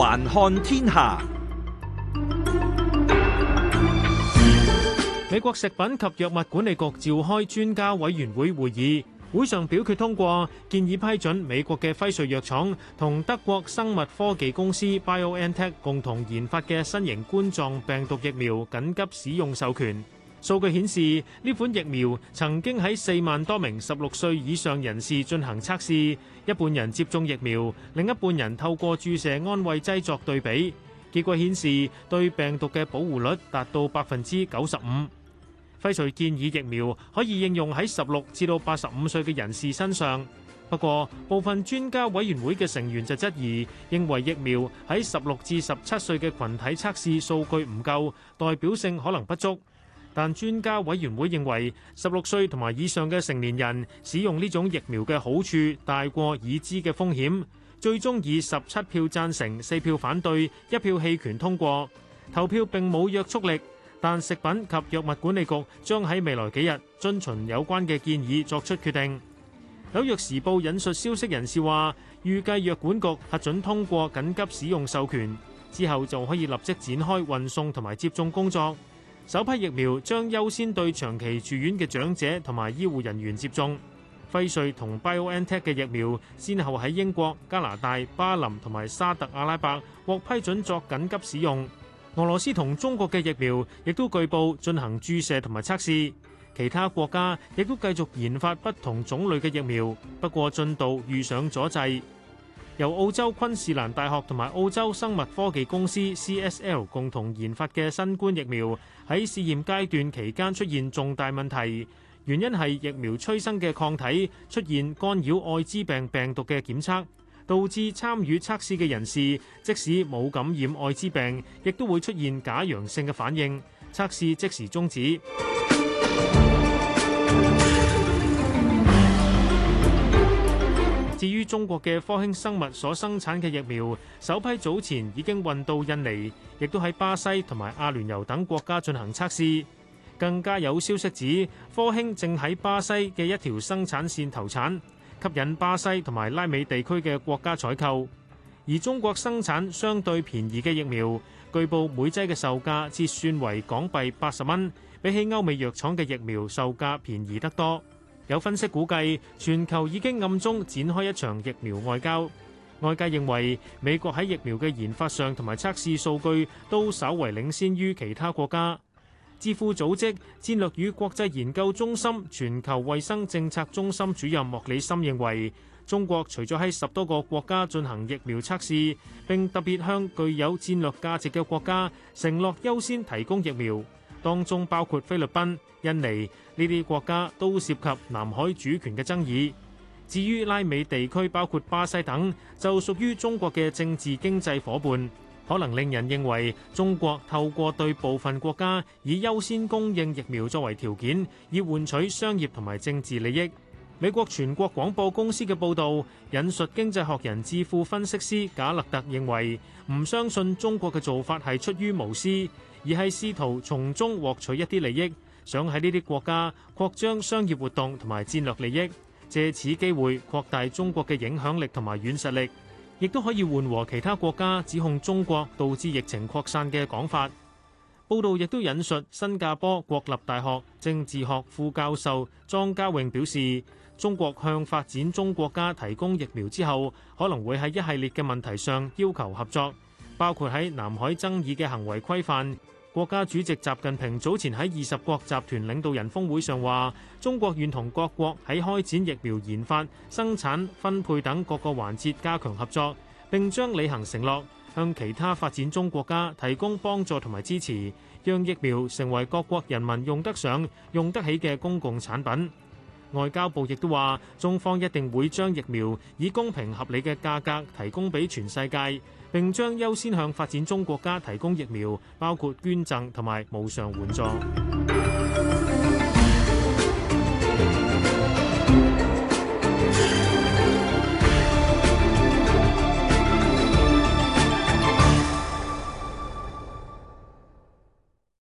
環看天下，美國食品及藥物管理局召開專家委員會會議，會上表決通過，建議批准美國嘅輝瑞藥廠同德國生物科技公司 BioNTech 共同研發嘅新型冠狀病毒疫苗緊急使用授權。數據顯示，呢款疫苗曾經喺四萬多名十六歲以上人士進行測試，一半人接種疫苗，另一半人透過注射安慰劑作對比。結果顯示，對病毒嘅保護率達到百分之九十五。輝瑞建議疫苗可以應用喺十六至到八十五歲嘅人士身上，不過部分專家委員會嘅成員就質疑，認為疫苗喺十六至十七歲嘅群體測試數據唔夠，代表性可能不足。但專家委員會認為，十六歲同埋以上嘅成年人使用呢種疫苗嘅好處大過已知嘅風險，最終以十七票贊成、四票反對、一票棄權通過。投票並冇約束力，但食品及藥物管理局將喺未來幾日遵循有關嘅建議作出決定。《紐約時報》引述消息人士話，預計藥管局核准通過緊急使用授權之後，就可以立即展開運送同埋接種工作。首批疫苗將優先對長期住院嘅長者同埋醫護人員接種。輝瑞同 BioNTech 嘅疫苗，先後喺英國、加拿大、巴林同埋沙特阿拉伯獲批准作緊急使用。俄羅斯同中國嘅疫苗亦都據報進行注射同埋測試。其他國家亦都繼續研發不同種類嘅疫苗，不過進度遇上阻滯。由澳洲昆士蘭大學同埋澳洲生物科技公司 CSL 共同研發嘅新冠疫苗喺試驗階段期間出現重大問題，原因係疫苗催生嘅抗體出現干擾艾滋病病毒嘅檢測，導致參與測試嘅人士即使冇感染艾滋病，亦都會出現假陽性嘅反應，測試即時終止。至於中國嘅科興生物所生產嘅疫苗，首批早前已經運到印尼，亦都喺巴西同埋阿聯酋等國家進行測試。更加有消息指，科興正喺巴西嘅一條生產線投產，吸引巴西同埋拉美地區嘅國家採購。而中國生產相對便宜嘅疫苗，據報每劑嘅售價折算為港幣八十蚊，比起歐美藥廠嘅疫苗售價便宜得多。有分析估計，全球已經暗中展開一場疫苗外交。外界認為美國喺疫苗嘅研發上同埋測試數據都稍為領先於其他國家。智庫組織戰略與國際研究中心全球衛生政策中心主任莫里森認為，中國除咗喺十多個國家進行疫苗測試，並特別向具有戰略價值嘅國家承諾優先提供疫苗。當中包括菲律賓、印尼，呢啲國家都涉及南海主權嘅爭議。至於拉美地區，包括巴西等，就屬於中國嘅政治經濟夥伴，可能令人認為中國透過對部分國家以優先供應疫苗作為條件，以換取商業同埋政治利益。美國全國廣播公司嘅報道引述經濟學人智庫分析師賈勒特認為，唔相信中國嘅做法係出於無私，而係試圖從中獲取一啲利益，想喺呢啲國家擴張商業活動同埋戰略利益，借此機會擴大中國嘅影響力同埋軟實力，亦都可以緩和其他國家指控中國導致疫情擴散嘅講法。報道亦都引述新加坡國立大學政治學副教授莊家穎表示：中國向發展中國家提供疫苗之後，可能會喺一系列嘅問題上要求合作，包括喺南海爭議嘅行為規範。國家主席習近平早前喺二十國集團領導人峰會上話：中國願同各國喺開展疫苗研發、生產、分配等各個環節加強合作，並將履行承諾，向其他發展中國家提供幫助同埋支持，讓疫苗成為各國人民用得上、用得起嘅公共產品。外交部亦都話，中方一定會將疫苗以公平合理嘅價格提供畀全世界，並將優先向發展中國家提供疫苗，包括捐贈同埋無償援助。